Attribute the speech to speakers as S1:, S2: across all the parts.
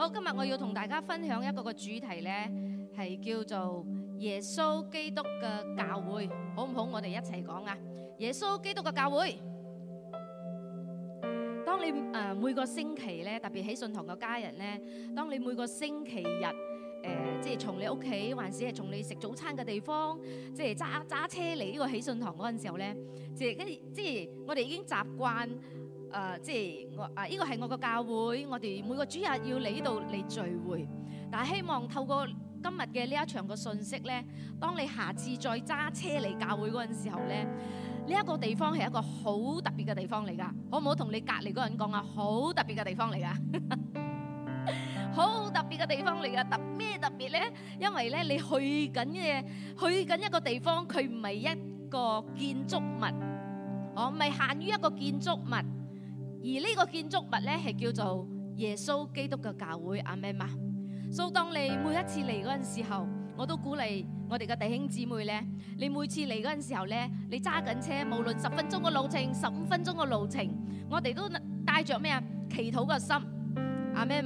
S1: 好，今日我要同大家分享一個個主題咧，係叫做耶穌基督嘅教會，好唔好？我哋一齊講啊！耶穌基督嘅教會，當你誒每個星期咧，特別喜信堂嘅家人咧，當你每個星期日誒、呃，即係從你屋企，還是係從你食早餐嘅地方，即係揸揸車嚟呢個喜信堂嗰陣時候咧，即係跟住即係我哋已經習慣。誒，即係我啊！依個係我個教會，我哋每個主日要嚟呢度嚟聚會。但係希望透過今日嘅呢一場嘅信息咧，當你下次再揸車嚟教會嗰陣時候咧，呢一個地方係一個好特別嘅地方嚟㗎。可唔可以同你隔離嗰個人講啊，好特別嘅地方嚟㗎，好特別嘅地方嚟㗎。特咩特別咧？因為咧，你去緊嘅去緊一個地方，佢唔係一個建築物，我唔係限於一個建築物。而呢個建築物咧，係叫做耶穌基督嘅教會，阿們。所以當你每一次嚟嗰陣時候，我都鼓勵我哋嘅弟兄姊妹咧，你每次嚟嗰陣時候咧，你揸緊車，無論十分鐘嘅路程，十五分鐘嘅路程，我哋都帶着咩啊？祈禱嘅心，阿們。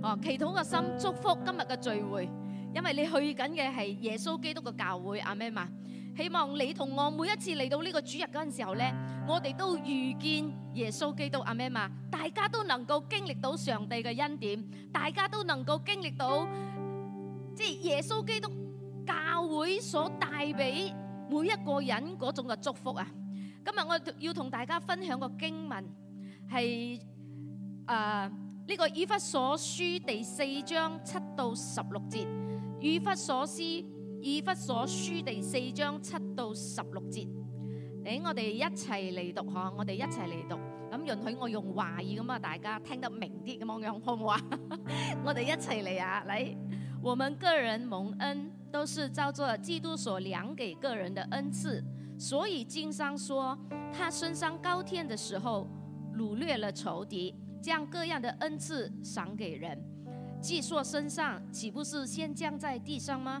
S1: 哦，祈禱嘅心，祝福今日嘅聚會，因為你去緊嘅係耶穌基督嘅教會，阿們。希望你同我每一次嚟到呢個主日嗰陣時候呢，我哋都遇見耶穌基督阿媽嘛，大家都能夠經歷到上帝嘅恩典，大家都能夠經歷到即係耶穌基督教會所帶俾每一個人嗰種嘅祝福啊！今日我要同大家分享個經文係誒呢個以弗所書第四章七到十六節，以弗所書。以弗所書第四章七到十六節，嚟我哋一齊嚟讀嗬，我哋一齊嚟讀，讀。咁允許我用華語咁啊，大家聽得明啲咁樣好唔好 啊？我哋一齊嚟啊！嚟， 我們個人蒙恩都是照着基督所量給個人嘅恩賜，所以經上說，他升上高天嘅時候，擄掠了仇敵，將各樣嘅恩賜賞給人，既說升上豈不是先降在地上嗎？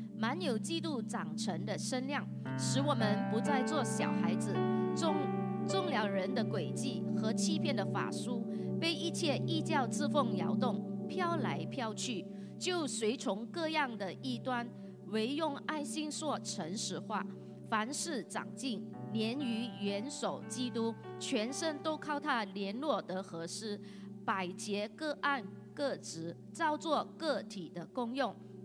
S1: 滿有基督長成的身量，使我們不再做小孩子，中中了人的詭計和欺騙的法術，被一切異教之風搖動，飄來飄去，就隨從各樣的異端，唯用愛心說誠實話，凡事長進，連於元首基督，全身都靠他聯絡得合式，百節各按各職，照做個體的功用。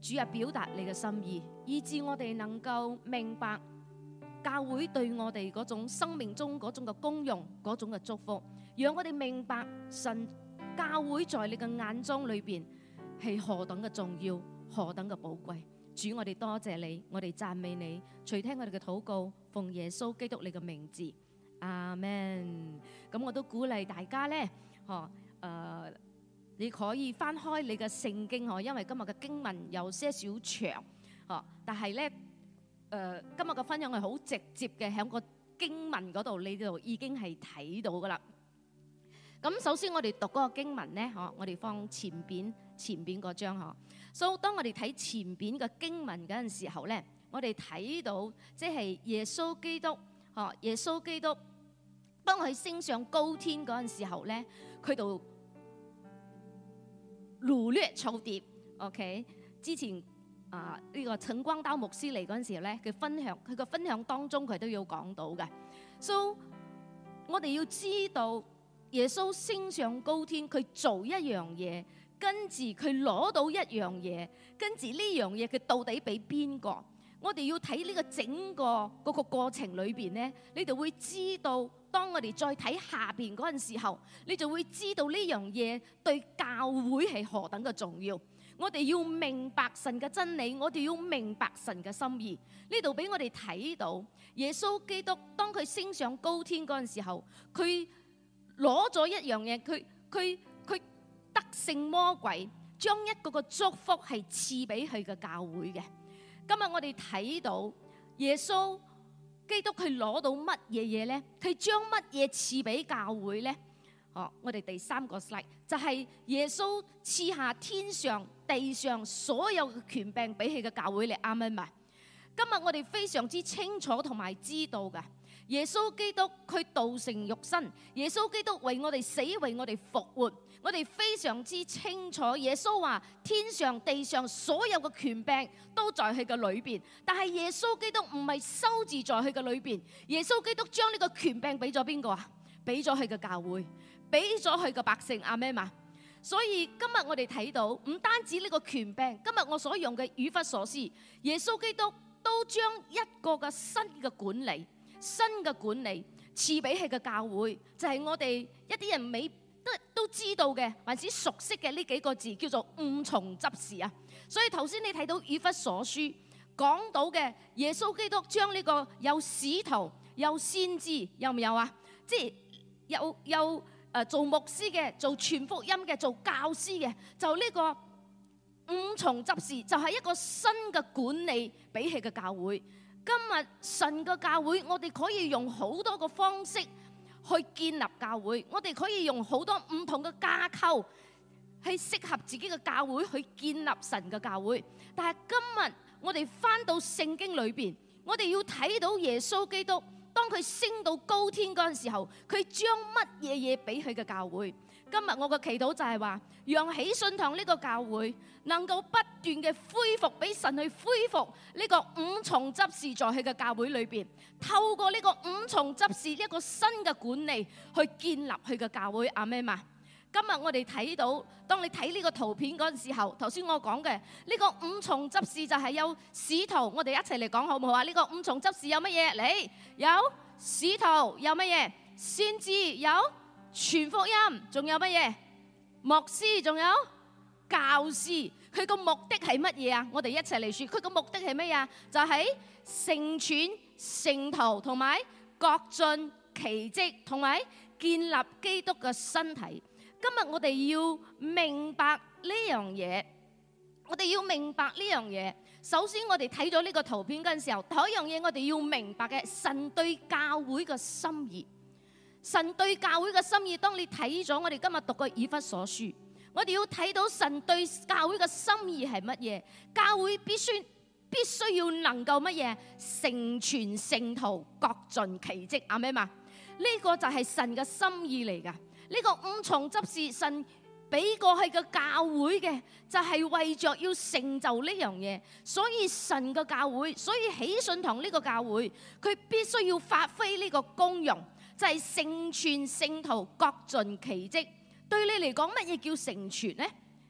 S1: 主啊，表達你嘅心意，以至我哋能夠明白教會對我哋嗰種生命中嗰種嘅功用，嗰種嘅祝福，讓我哋明白神教會在你嘅眼中裏邊係何等嘅重要，何等嘅寶貴。主，我哋多謝你，我哋贊美你，垂聽我哋嘅禱告，奉耶穌基督你嘅名字，阿門。咁我都鼓勵大家咧，嗬，誒、呃。你可以翻開你嘅聖經哦，因為今日嘅經文有些少長哦，但係咧，誒、呃，今日嘅分享係好直接嘅，喺個經文嗰度你就已經係睇到噶啦。咁首先我哋讀嗰個經文咧，哦，我哋放前邊前邊嗰章哦。所、so, 當我哋睇前邊嘅經文嗰陣時候咧，我哋睇到即係耶穌基督哦，耶穌基督當佢升上高天嗰陣時候咧，佢度。擄掠、草碟，OK？之前啊呢個陳光刀牧師嚟陣時候咧，佢分享佢個分享當中佢都有講到嘅，so 我哋要知道耶穌升上高天，佢做一樣嘢，跟住佢攞到一樣嘢，跟住呢樣嘢佢到底俾邊個？我哋要睇呢個整個嗰個個過程裏邊呢，你哋會知道當我哋再睇下邊嗰陣時候，你就會知道呢樣嘢對教會係何等嘅重要。我哋要明白神嘅真理，我哋要明白神嘅心意。呢度俾我哋睇到耶穌基督當佢升上高天嗰陣時候，佢攞咗一樣嘢，佢佢佢得勝魔鬼，將一個個祝福係賜俾佢嘅教會嘅。今日我哋睇到耶穌基督佢攞到乜嘢嘢咧？佢將乜嘢賜俾教會咧？哦，我哋第三個 slide 就係耶穌賜下天上地上所有嘅權柄俾佢嘅教會嚟，啱咪咪。今日我哋非常之清楚同埋知道嘅，耶穌基督佢道成肉身，耶穌基督為我哋死，為我哋復活。我哋非常之清楚，耶穌話天上地上所有嘅權柄都在佢嘅裏邊，但係耶穌基督唔係收治在佢嘅裏邊。耶穌基督將呢個權柄俾咗邊個啊？俾咗佢嘅教會，俾咗佢嘅百姓阿咩嘛？所以今日我哋睇到，唔單止呢個權柄，今日我所用嘅語法所思，耶穌基督都將一個嘅新嘅管理、新嘅管理賜俾佢嘅教會，就係、是、我哋一啲人未。都都知道嘅，還是熟悉嘅呢幾個字叫做五重執事啊。所以頭先你睇到《以弗所書》講到嘅耶穌基督將呢個有使徒、有先知，有唔有啊？即係有有誒、呃、做牧師嘅、做傳福音嘅、做教師嘅，就呢個五重執事就係、是、一個新嘅管理比起嘅教會。今日神嘅教會，我哋可以用好多個方式。去建立教會，我哋可以用好多唔同嘅架構去適合自己嘅教會，去建立神嘅教會。但係今日我哋翻到聖經裏邊，我哋要睇到耶穌基督當佢升到高天嗰陣時候，佢將乜嘢嘢俾佢嘅教會。今日我嘅祈禱就係話，讓喜信堂呢個教會能夠不斷嘅恢復，俾神去恢復呢個五重執事在佢嘅教會裏邊，透過呢個五重執事一個新嘅管理去建立佢嘅教會。阿咩嘛？今日我哋睇到，當你睇呢個圖片嗰陣時候，頭先我講嘅呢個五重執事就係有使徒，我哋一齊嚟講好唔好啊？呢個五重執事有乜嘢？你有使徒，有乜嘢？先知有。傳福音，仲有乜嘢？牧師，仲有教師。佢個目的係乜嘢啊？我哋一齊嚟說。佢個目的係乜嘢啊？就喺成全聖徒，同埋各盡其職，同埋建立基督嘅身體。今日我哋要明白呢樣嘢，我哋要明白呢樣嘢。首先，我哋睇咗呢個圖片嗰陣時候，第一樣嘢我哋要明白嘅，神對教會嘅心意。神對教會嘅心意，當你睇咗我哋今日讀嘅以弗所書，我哋要睇到神對教會嘅心意係乜嘢？教會必須必須要能夠乜嘢？成全聖徒，各盡其職。啱咪嘛，呢、這個就係神嘅心意嚟噶。呢、這個五重執事神俾過去嘅教會嘅，就係、是、為着要成就呢樣嘢。所以神嘅教會，所以喜信堂呢個教會，佢必須要發揮呢個功用。就係成全聖徒，各盡其職。對你嚟講，乜嘢叫成全呢？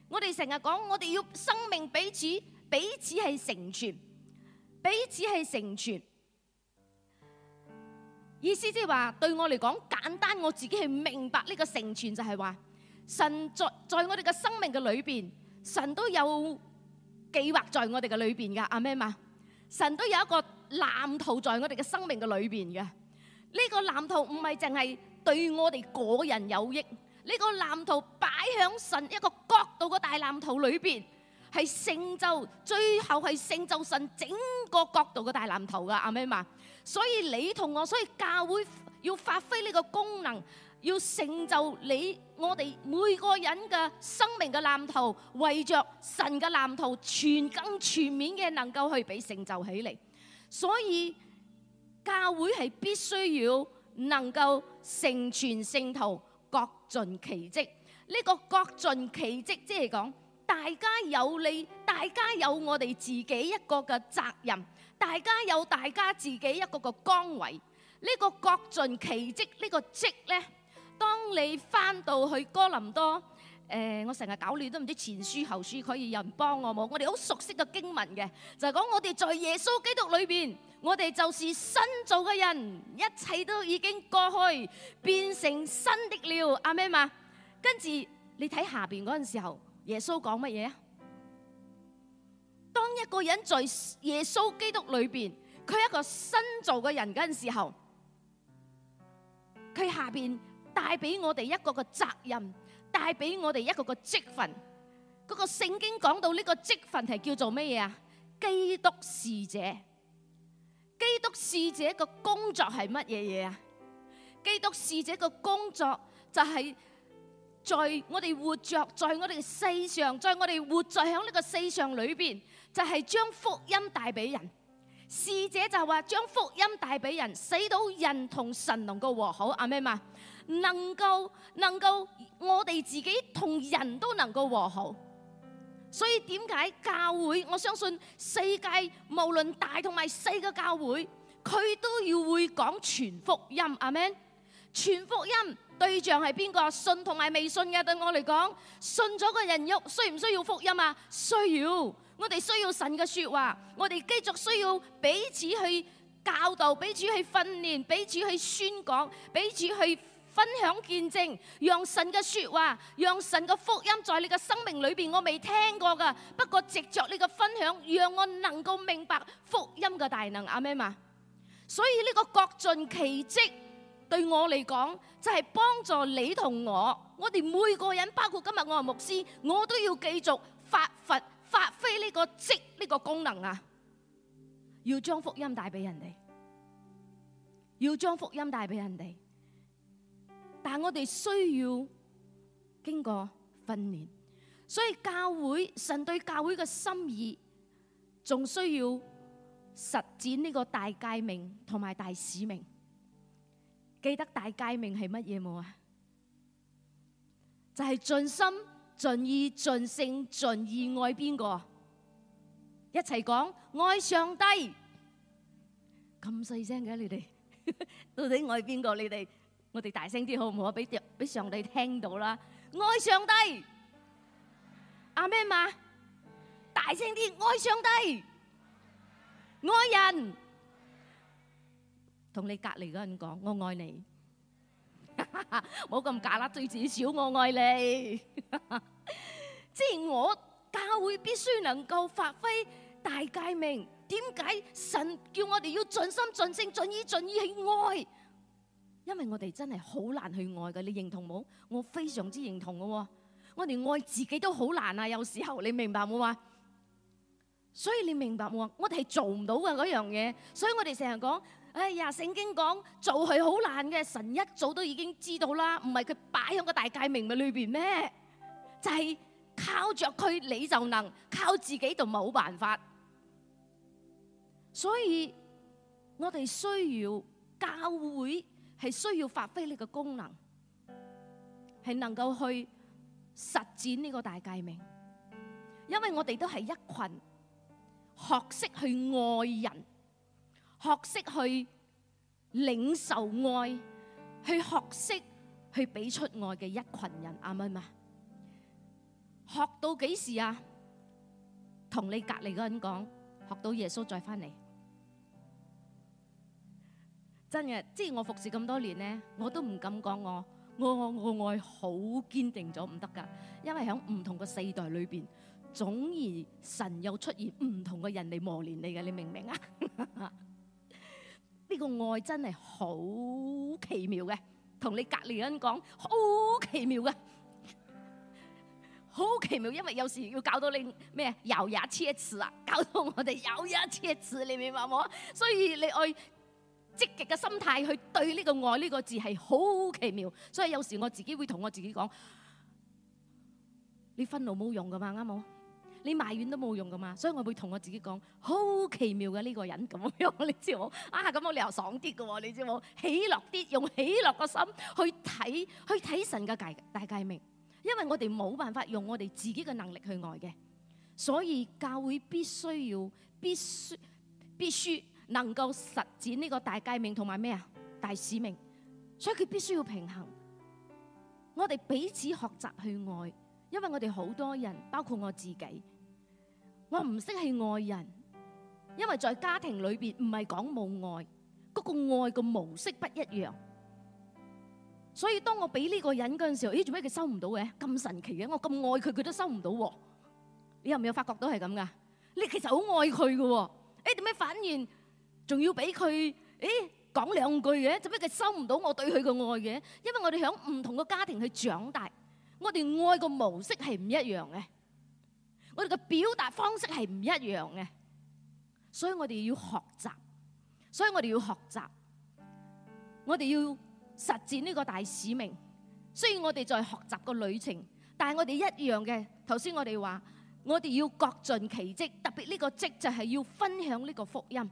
S1: 我哋成日講，我哋要生命彼此，彼此係成全，彼此係成全。意思即係話，對我嚟講，簡單我自己係明白呢個成全就，就係話神在在我哋嘅生命嘅裏邊，神都有計劃在我哋嘅裏邊噶，阿咩嘛，神都有一個藍圖在我哋嘅生命嘅裏邊嘅。呢個藍圖唔係淨係對我哋個人有益，呢個藍圖擺響神一個角度嘅大藍圖裏邊，係成就最後係成就神整個角度嘅大藍圖噶，阿咪嘛，所以你同我，所以教會要發揮呢個功能，要成就你我哋每個人嘅生命嘅藍圖，為着神嘅藍圖全更全面嘅能夠去俾成就起嚟，所以。教會係必須要能夠成全聖徒，各盡其職。呢個各盡其職，即係講大家有你，大家有我哋自己一個嘅責任，大家有大家自己一個嘅崗位。呢個各盡其職，呢個職呢，當你翻到去哥林多，誒，我成日搞亂都唔知前書後書可以有人幫我冇？我哋好熟悉嘅經文嘅，就係講我哋在耶穌基督裏邊。我哋就是新造嘅人，一切都已經過去，變成新的了。阿咩嘛，跟住你睇下邊嗰陣時候，耶穌講乜嘢啊？當一個人在耶穌基督裏邊，佢一個新造嘅人嗰陣時候，佢下邊帶俾我哋一個個責任，帶俾我哋一個個職份。嗰、那個聖經講到呢個職份係叫做乜嘢啊？基督使者。基督使者嘅工作係乜嘢嘢啊？基督使者嘅工作就係在我哋活着，在我哋世上，在我哋活在響呢個世上裏邊，就係將福音帶俾人。使者就話將福音帶俾人，使到人同神能夠和好。阿咩嘛，能夠能夠我哋自己同人都能夠和好。所以點解教會？我相信世界無論大同埋細嘅教會，佢都要會講全福音，Amen？全福音對象係邊個？信同埋未信嘅。對我嚟講，信咗嘅人要需唔需要福音啊？需要，我哋需要神嘅説話，我哋繼續需要彼此去教導，彼此去訓練，彼此去宣講，彼此去。分享見證，讓神嘅說話，讓神嘅福音在你嘅生命裏邊。我未聽過噶，不過藉着你嘅分享，讓我能夠明白福音嘅大能。阿媽嘛，所以呢個各盡其職，對我嚟講就係、是、幫助你同我。我哋每個人，包括今日我係牧師，我都要繼續發佛發揮呢個職呢、個功能啊！要將福音帶俾人哋，要將福音帶俾人哋。但係我哋需要經過訓練，所以教會神對教會嘅心意，仲需要實踐呢個大誡命同埋大使命。記得大誡命係乜嘢冇啊？就係盡心盡意盡性盡意愛邊個？一齊講愛上帝。咁細聲嘅你哋，到底愛邊個？你哋？我哋大聲啲好唔好？俾上俾上帝聽到啦！愛上帝，阿咩嘛，大聲啲愛上帝，愛人，同你隔籬嗰人講我愛你，冇咁假啦，最至少我愛你。即係我教會必須能夠發揮大誡命，點解神叫我哋要盡心盡性盡意盡意去愛？因為我哋真係好難去愛嘅，你認同冇？我非常之認同嘅。我哋愛自己都好難啊，有時候你明白冇啊？所以你明白冇？我哋係做唔到嘅嗰樣嘢，所以我哋成日講，哎呀，聖經講做係好難嘅，神一早都已經知道啦，唔係佢擺喺個大誡命咪裏邊咩？就係靠著佢你就能，靠自己就冇辦法。所以我哋需要教會。係需要發揮你嘅功能，係能夠去實踐呢個大計命，因為我哋都係一羣學識去愛人，學識去領受愛，去學識去俾出愛嘅一羣人。阿妹嘛，學到幾時啊？同你隔離嗰人講，學到耶穌再翻嚟。真嘅，即係我服侍咁多年咧，我都唔敢講我，我我我愛好堅定咗唔得噶，因為響唔同嘅世代裏邊，總而神又出現唔同嘅人嚟磨練你嘅，你明唔明啊？呢 個愛真係好奇妙嘅，同你隔籬人講，好奇妙嘅，好奇妙，因為有時要搞到你咩咬牙切齒啊，搞到我哋咬牙切齒，你明嘛？我，所以你愛。積極嘅心態去對呢個愛，呢個字係好奇妙，所以有時我自己會同我自己講：你憤怒冇用噶嘛，啱冇？你埋怨都冇用噶嘛，所以我會同我自己講，好奇妙嘅呢個人咁樣，你知冇？啊，咁我理由爽啲噶喎，你知冇？喜樂啲，用喜樂個心去睇，去睇神嘅大大計命，因為我哋冇辦法用我哋自己嘅能力去愛嘅，所以教會必須要必須必須。必須必須能夠實踐呢個大誡命同埋咩啊？大使命，所以佢必須要平衡。我哋彼此學習去愛，因為我哋好多人，包括我自己，我唔識去愛人，因為在家庭裏邊唔係講冇愛，嗰、那個愛嘅模式不一樣。所以當我俾呢個人嗰陣時候，咦？做咩佢收唔到嘅咁神奇嘅？我咁愛佢，佢都收唔到喎。你有唔有發覺到係咁噶？你其實好愛佢嘅喎，誒，做咩反而？仲要俾佢，誒講兩句嘅，做咩佢收唔到我對佢嘅愛嘅？因為我哋喺唔同嘅家庭去長大，我哋愛嘅模式係唔一樣嘅，我哋嘅表達方式係唔一樣嘅，所以我哋要學習，所以我哋要學習，我哋要實踐呢個大使命。雖然我哋在學習個旅程，但係我哋一樣嘅。頭先我哋話，我哋要各盡其職，特別呢個職就係要分享呢個福音。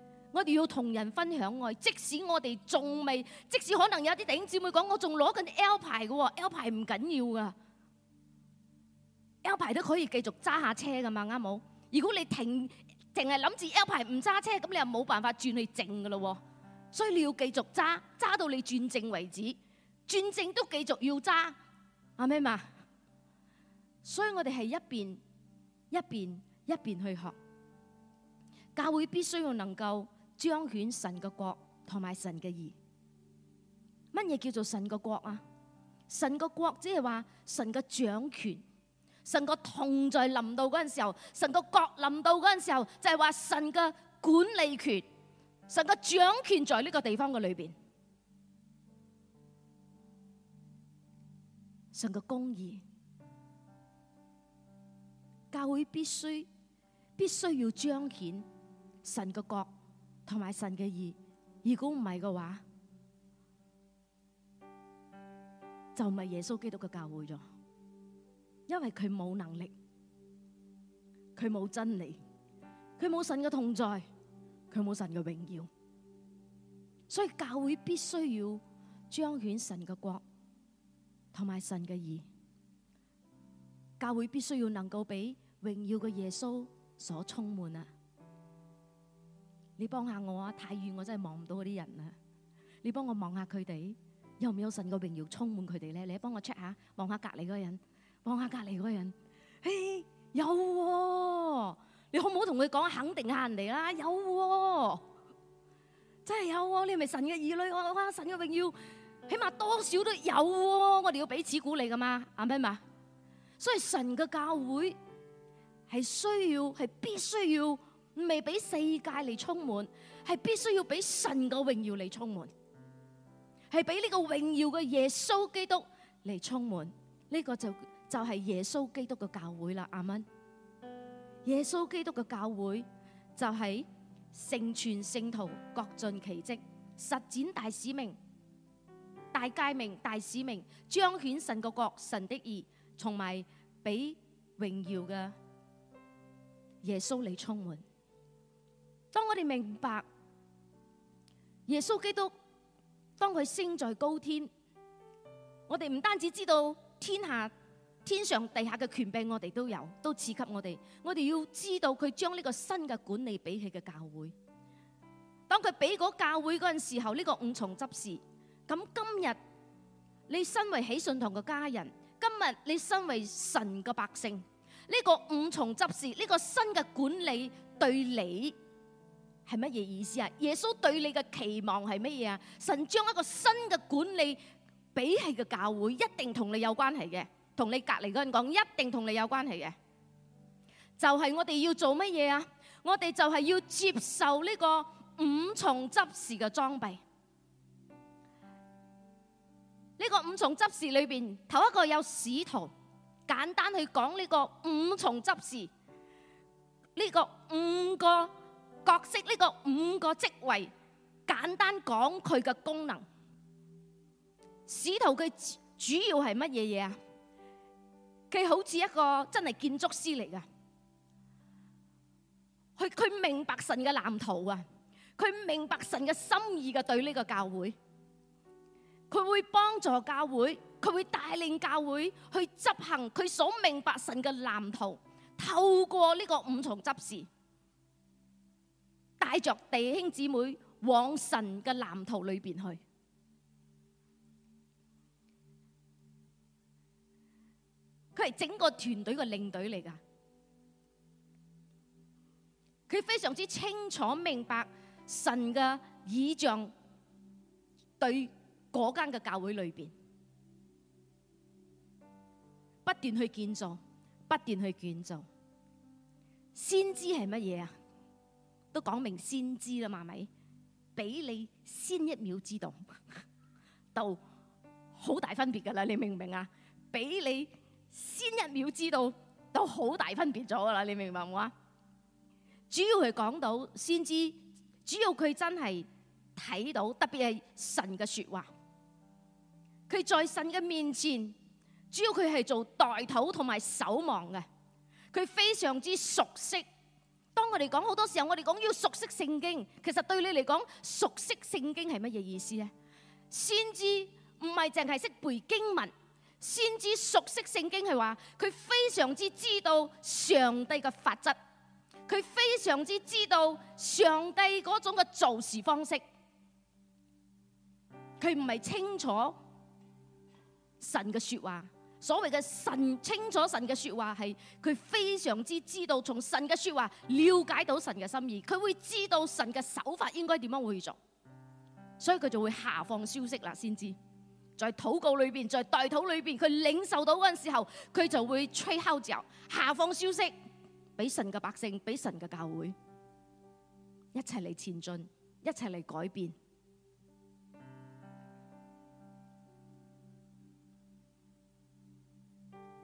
S1: 我哋要同人分享愛，即使我哋仲未，即使可能有啲弟兄姊妹講我仲攞緊 L 牌嘅，L 牌唔緊要噶，L 牌都可以繼續揸下車噶嘛，啱冇？如果你停淨係諗住 L 牌唔揸車，咁你又冇辦法轉去正噶咯，所以你要繼續揸，揸到你轉正為止，轉正都繼續要揸，啱咪嘛，所以我哋係一邊一邊一邊去學，教會必須要能夠。彰顯神嘅國同埋神嘅義。乜嘢叫做神嘅國啊？神嘅國即係話神嘅掌權，神個同在臨到嗰陣時候，神個國臨到嗰陣時候，就係話神嘅管理權，神嘅掌權在呢個地方嘅裏邊，神嘅公義，教會必須必須要彰顯神嘅國。同埋神嘅義，如果唔係嘅話，就唔係耶穌基督嘅教會咗。因為佢冇能力，佢冇真理，佢冇神嘅同在，佢冇神嘅榮耀。所以教會必須要彰顯神嘅國，同埋神嘅義。教會必須要能夠俾榮耀嘅耶穌所充滿啊！你幫下我啊！太遠我真係望唔到嗰啲人啊！你幫我望下佢哋，有唔有神嘅榮耀充滿佢哋咧？你幫我 check 下，望下隔籬嗰個人，望下隔籬嗰個人，嘿，有喎、哦！你好唔好同佢講肯定下人哋啦，有喎、哦，真係有喎、哦！你係咪神嘅兒女？我話神嘅榮耀，起碼多少都有喎、哦！我哋要彼此鼓勵噶嘛？阿斌嘛？所以神嘅教會係需要，係必須要。未俾世界嚟充滿，係必須要俾神個榮耀嚟充滿，係俾呢個榮耀嘅耶穌基督嚟充滿。呢個就就係耶穌基督嘅教會啦，阿們。耶穌基督嘅教會就係成全聖徒，各盡其職，實踐大使命、大誡命、大使命，彰顯神個國、神的義，同埋俾榮耀嘅耶穌嚟充滿。當我哋明白耶穌基督，當佢升在高天，我哋唔單止知道天下天上地下嘅權柄我我，我哋都有都賜給我哋。我哋要知道佢將呢個新嘅管理俾佢嘅教會。當佢俾嗰教會嗰陣時候，呢個五重執事咁，今日你身為喜信堂嘅家人，今日你身為神嘅百姓，呢個五重執事呢個新嘅管理對你。係乜嘢意思啊？耶穌對你嘅期望係乜嘢啊？神將一個新嘅管理俾起嘅教會，一定同你有關係嘅。同你隔籬嘅人講，一定同你有關係嘅。就係我哋要做乜嘢啊？我哋就係要接受呢個五重執事嘅裝備。呢個五重執事裏邊，頭一個有使徒，簡單去講呢個五重執事，呢個五個。角色，呢個五個職位，簡單講佢嘅功能。使徒佢主要係乜嘢嘢啊？佢好似一個真係建築師嚟噶，佢佢明白神嘅藍圖啊，佢明白神嘅心意嘅，對呢個教會，佢會幫助教會，佢會帶領教會去執行佢所明白神嘅藍圖，透過呢個五重執事。帶着弟兄姊妹往神嘅藍圖裏邊去，
S2: 佢係整個團
S1: 隊嘅領隊嚟㗎。佢非常之清楚明白神嘅異象，對嗰間嘅教會裏邊不斷去建造，不斷去建造。先知係乜嘢啊？都講明先知啦嘛，咪俾你先一秒知道，都好大分別噶啦，你明唔明啊？俾你先一秒知道，都好大分別咗噶啦，你明唔明？我啊？主要係講到先知，主要佢真係睇到，特別係神嘅說話，佢在神嘅面前，主要佢係做代禱同埋守望嘅，佢非常之熟悉。當我哋講好多時候，我哋講要熟悉聖經，其實對你嚟講，熟悉聖經係乜嘢意思咧？先知唔係淨係識背經文，先知熟悉聖經係話佢非常之知道上帝嘅法則，佢非常之知道上帝嗰種嘅做事方式，佢唔係清楚神嘅說話。所謂嘅神清楚神嘅説話係佢非常之知道，從神嘅説話了解到神嘅心意，佢會知道神嘅手法應該點樣去做，所以佢就會下放消息啦，先知在禱告裏邊，在代禱裏邊，佢領受到嗰陣時候，佢就會吹號召，下放消息俾神嘅百姓，俾神嘅教會，一齊嚟前進，一齊嚟改變。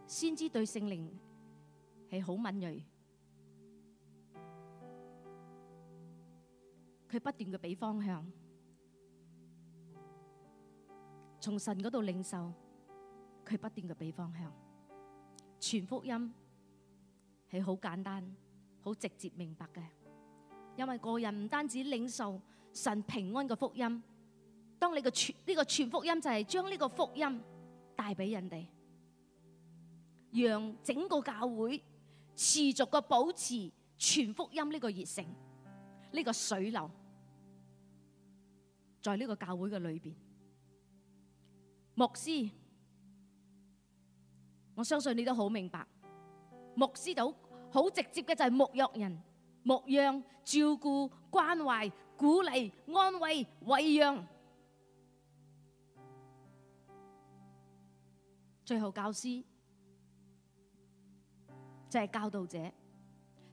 S1: 先知對聖靈係好敏銳，佢不斷嘅俾方向，從神嗰度領受，佢不斷嘅俾方向，全福音係好簡單，好直接明白嘅，因為個人唔單止領受神平安嘅福音，當你嘅全呢個全福音就係將呢個福音帶俾人哋。讓整個教會持續嘅保持傳福音呢個熱誠，呢個水流，在呢個教會嘅裏邊，牧師，我相信你都好明白，牧師就好直接嘅就係牧羊人，牧養、照顧、關懷、鼓勵、安慰、餵養，最後教師。就係教導者，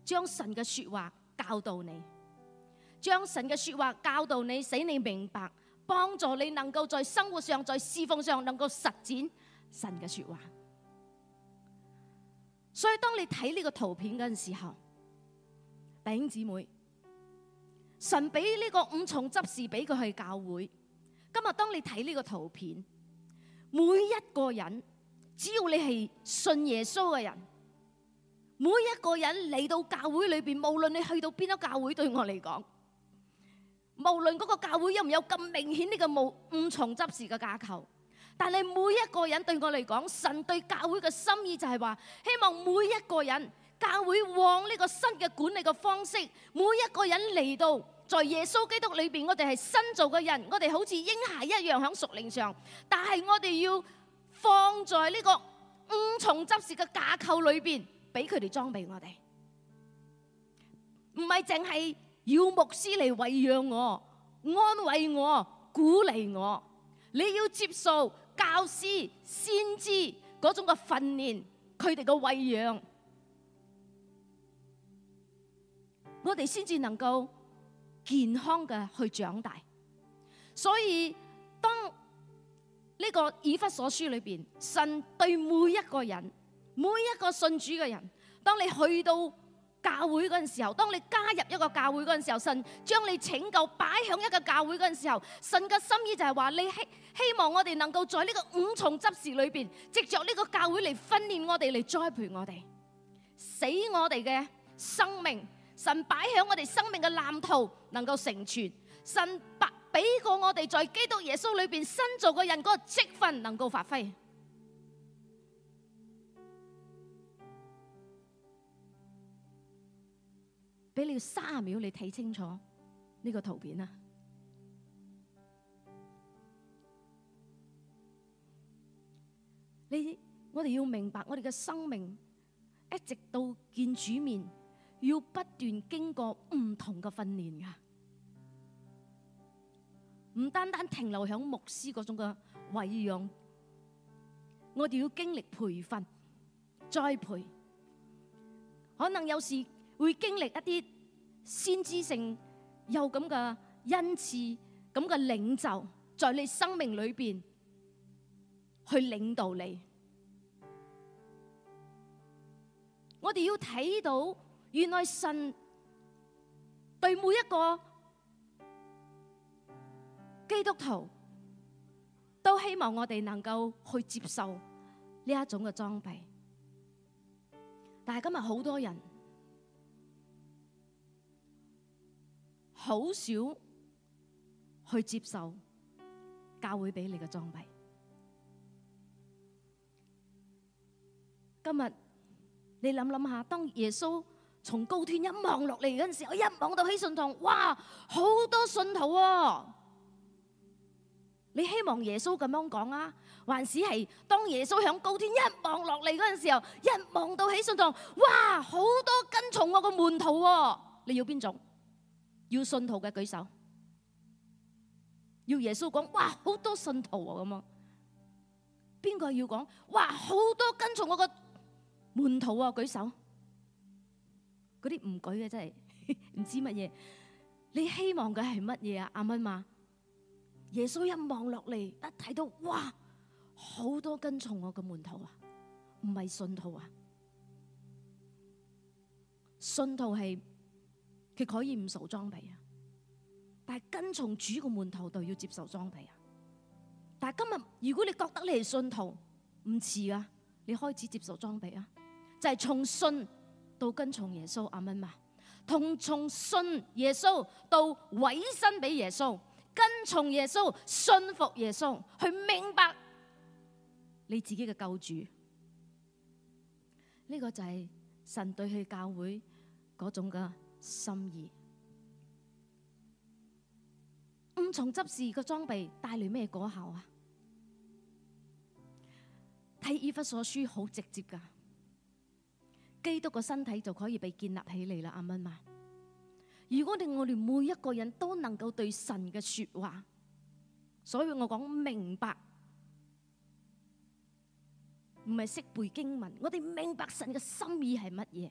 S1: 將神嘅說話教導你，將神嘅說話教導你，使你明白，幫助你能夠在生活上、在侍奉上能夠實踐神嘅說話。所以當你睇呢個圖片嘅時候，弟兄姊妹，神俾呢個五重執事俾佢去教會。今日當你睇呢個圖片，每一個人，只要你係信耶穌嘅人。每一個人嚟到教會裏邊，無論你去到邊一個教會，對我嚟講，無論嗰個教會有唔有咁明顯呢個五重執事嘅架構，但係每一個人對我嚟講，神對教會嘅心意就係話，希望每一個人教會往呢個新嘅管理嘅方式，每一個人嚟到在耶穌基督裏邊，我哋係新造嘅人，我哋好似嬰孩一樣喺屬靈上，但係我哋要放在呢個五重執事嘅架構裏邊。俾佢哋裝備我哋，唔係淨係要牧師嚟餵養我、安慰我、鼓勵我。你要接受教師、先知嗰種嘅訓練，佢哋嘅餵養，我哋先至能夠健康嘅去長大。所以當呢個以弗所書裏邊，神對每一個人。每一個信主嘅人，當你去到教會嗰陣時候，當你加入一個教會嗰陣時候，神將你拯救擺響一個教會嗰陣時候，神嘅心意就係話，你希希望我哋能夠在呢個五重執事裏邊，藉着呢個教會嚟訓練我哋，嚟栽培我哋，使我哋嘅生命，神擺響我哋生命嘅藍圖能夠成全，神把俾過我哋在基督耶穌裏邊新造嘅人嗰個職分能夠發揮。俾你卅秒，你睇清楚呢個圖片啊。你我哋要明白，我哋嘅生命一直到見主面，要不斷經過唔同嘅訓練噶，唔單單停留喺牧師嗰種嘅餵養，我哋要經歷培訓、栽培，可能有時。會經歷一啲先知性、有咁嘅恩賜、咁嘅領袖，在你生命裏邊去領導你。我哋要睇到原來神對每一個基督徒都希望我哋能夠去接受呢一種嘅裝備，但係今日好多人。好少去接受教會俾你嘅裝備。今日你諗諗下，當耶穌從高天一望落嚟嗰陣時候，一望到起信堂，哇，好多信徒喎！你希望耶穌咁樣講啊？還是係當耶穌響高天一望落嚟嗰陣時候，一望到起信堂，哇，好多跟從我嘅門徒喎？你要邊種？要信徒嘅舉手，要耶穌講，哇，好多信徒啊，咁樣，邊個要講，哇，好多跟從我嘅門徒啊，舉手，嗰啲唔舉嘅真係唔知乜嘢。你希望嘅係乜嘢啊？阿媽，耶穌一望落嚟，一睇到，哇，好多跟從我嘅門徒啊，唔係信徒啊，信徒係。佢可以唔受裝備啊，但係跟從主嘅門徒就要接受裝備啊。但係今日如果你覺得你係信徒唔遲啊，你開始接受裝備啊，就係、是、從信到跟從耶穌啱唔啱呀，同從信耶穌到委身俾耶穌，跟從耶穌，信服耶穌，去明白你自己嘅救主。呢、這個就係神對佢教會嗰種嘅。心意五重執事個裝備帶嚟咩果效啊？睇以弗所書好直接噶，基督個身體就可以被建立起嚟啦，阿們嘛。如果令我哋每一個人都能夠對神嘅說話，所以我講明白，唔係識背經文，我哋明白神嘅心意係乜嘢。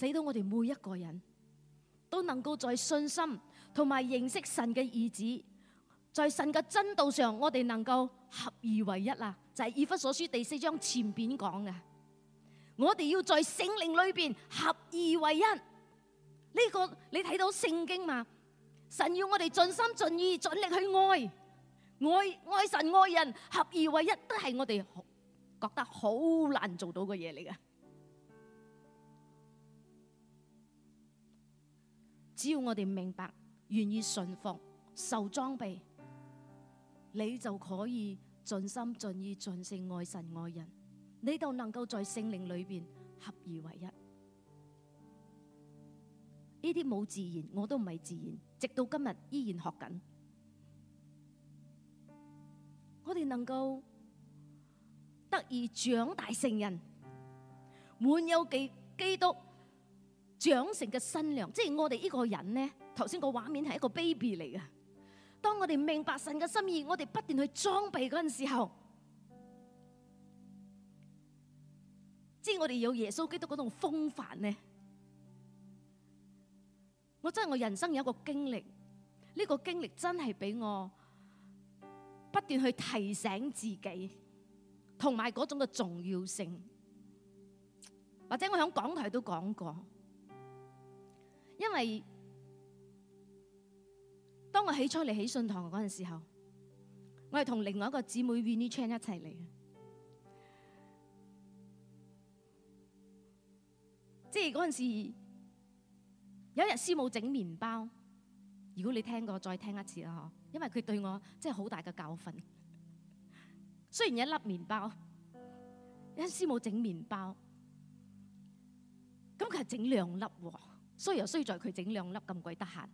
S1: 使到我哋每一個人都能夠在信心同埋認識神嘅意志，在神嘅真道上，我哋能夠合二為一啦，就是。就係以弗所書第四章前邊講嘅，我哋要在聖靈裏邊合二為一。呢個你睇到聖經嘛？神要我哋盡心盡意盡力去愛愛愛神愛人，合二為一都係我哋覺得好難做到嘅嘢嚟嘅。只要我哋明白，願意順服、受裝備，你就可以盡心盡意盡性愛神愛人，你就能夠在聖靈裏邊合而為一。呢啲冇自然，我都唔係自然，直到今日依然學緊。我哋能夠得以長大成人，滿有基基督。長成嘅新娘，即係我哋呢個人咧。頭先個畫面係一個 baby 嚟嘅。當我哋明白神嘅心意，我哋不斷去裝備嗰陣時候，即係我哋有耶穌基督嗰種風範咧。我真係我人生有一個經歷，呢個經歷真係俾我不斷去提醒自己，同埋嗰種嘅重要性。或者我喺講台都講過。因為當我起初嚟起信堂嗰陣時候，我係同另外一個姊妹 Vinnie Chan 一齊嚟嘅，即係嗰陣時有一日師母整麵包，如果你聽過再聽一次啦，嗬，因為佢對我真係好大嘅教訓。雖然一粒麵包，有陣師母整麵包，咁佢係整兩粒喎。所以又衰在佢整兩粒咁鬼得閒，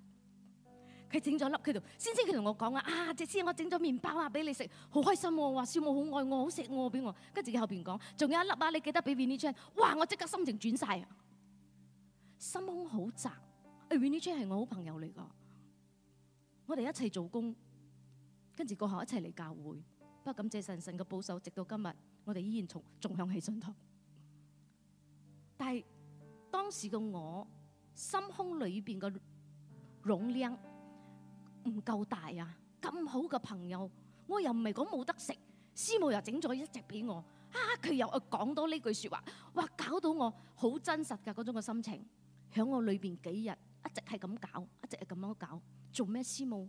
S1: 佢整咗粒佢就，先生佢同我講啊，啊謝師我整咗麵包啊俾你食，好開心喎，話小武好愛我，好錫我俾我，跟住佢後邊講，仲有一粒啊，你記得俾 Winnie Chan，哇我即刻心情轉曬，心胸好窄，誒 Winnie Chan 係我好朋友嚟㗎，我哋一齊做工，跟住過後一齊嚟教會，不過感謝神神嘅保守，直到今日我哋依然從仲向起進步，但係當時嘅我。心胸裏邊嘅容量唔夠大啊！咁好嘅朋友，我又唔係講冇得食，師母又整咗一隻俾我，啊佢又講多呢句説話，哇搞到我好真實嘅嗰種嘅心情，喺我裏邊幾日，一直係咁搞，一直係咁樣搞，做咩師母？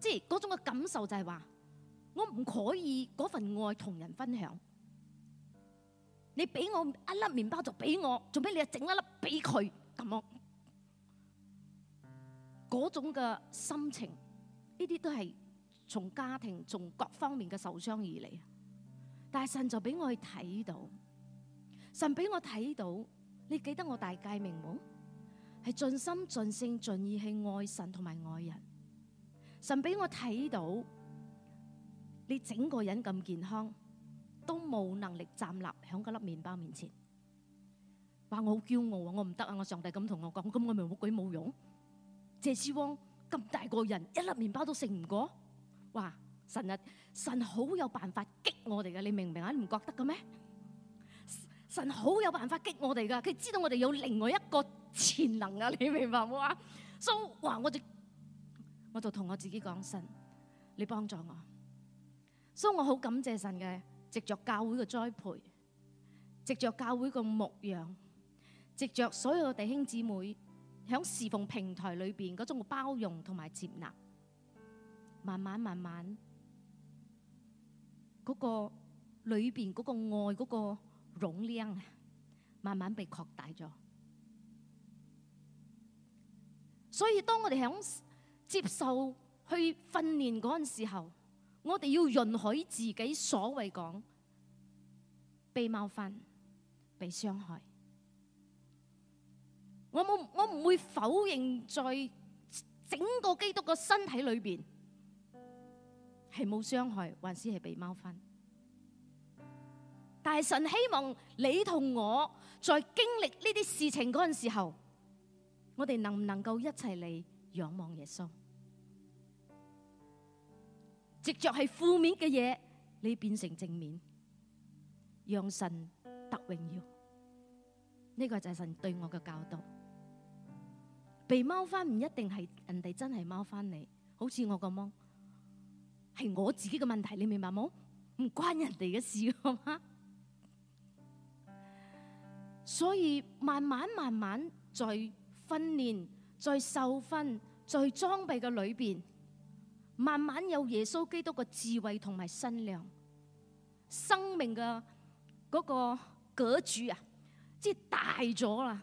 S1: 即係嗰種嘅感受就係話，我唔可以嗰份愛同人分享，你俾我一粒麪包就俾我，做咩你又整一粒俾佢？咁我嗰種嘅心情，呢啲都係從家庭從各方面嘅受傷而嚟。但係神就俾我去睇到，神俾我睇到，你記得我大誡命冇？係盡心盡性盡意去愛神同埋愛人。神俾我睇到，你整個人咁健康，都冇能力站立喺嗰粒麵包面前。話我好驕傲啊！我唔得啊！我上帝咁同我講，咁我咪好鬼冇用？謝志汪咁大個人，一粒麵包都食唔過。話神日神好有辦法激我哋噶，你明唔明啊？你唔覺得嘅咩？神好有辦法激我哋噶，佢知道我哋有另外一個潛能啊！你明白冇啊？所以話我就我就同我自己講神，你幫助我。所以我好感謝神嘅，藉著教會嘅栽培，藉著教會嘅牧養，藉着所有嘅弟兄姊妹響侍奉平台裏邊嗰種包容同埋接納，慢慢慢慢嗰、那個裏邊嗰個愛嗰、那個容量啊，慢慢被擴大咗。所以當我哋響接受去訓練嗰陣時候，我哋要允許自己所謂講被冒犯、被傷害。我冇，我唔會否認在整個基督個身體裏邊係冇傷害，還是係被冒犯。但係神希望你同我在經歷呢啲事情嗰陣時候，我哋能唔能夠一齊嚟仰望耶穌，即使係負面嘅嘢，你變成正面，讓神得榮耀。呢個就係神對我嘅教導。被貓翻唔一定係人哋真係貓翻你，好似我個貓係我自己嘅問題，你明白冇？唔關人哋嘅事，好嘛？所以慢慢慢慢在訓練、在受訓、在裝備嘅裏邊，慢慢有耶穌基督嘅智慧同埋身量，生命嘅嗰個格局啊，即係大咗啦。